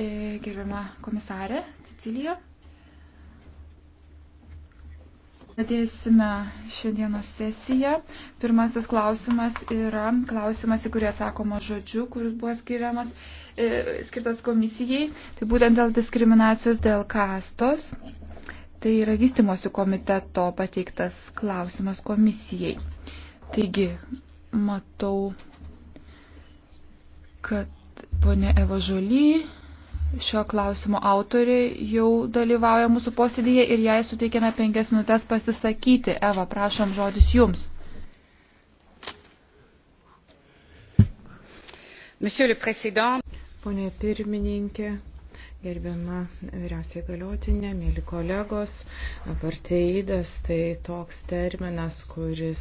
E, gerbiama komisarė Cecilija. Pradėsime šiandienos sesiją. Pirmasis klausimas yra klausimas, į kurį atsakoma žodžiu, kuris buvo skiriamas, e, skirtas komisijai. Tai būtent dėl diskriminacijos dėl kastos. Tai yra vystimosi komiteto pateiktas klausimas komisijai. Taigi, matau, kad ponė Eva Žoly šio klausimo autori jau dalyvauja mūsų posėdėje ir jai suteikėme penkias minutės pasisakyti. Eva, prašom žodis jums. Pone pirmininkė, gerbiama vyriausiai galiotinė, mėly kolegos, aparteidas tai toks terminas, kuris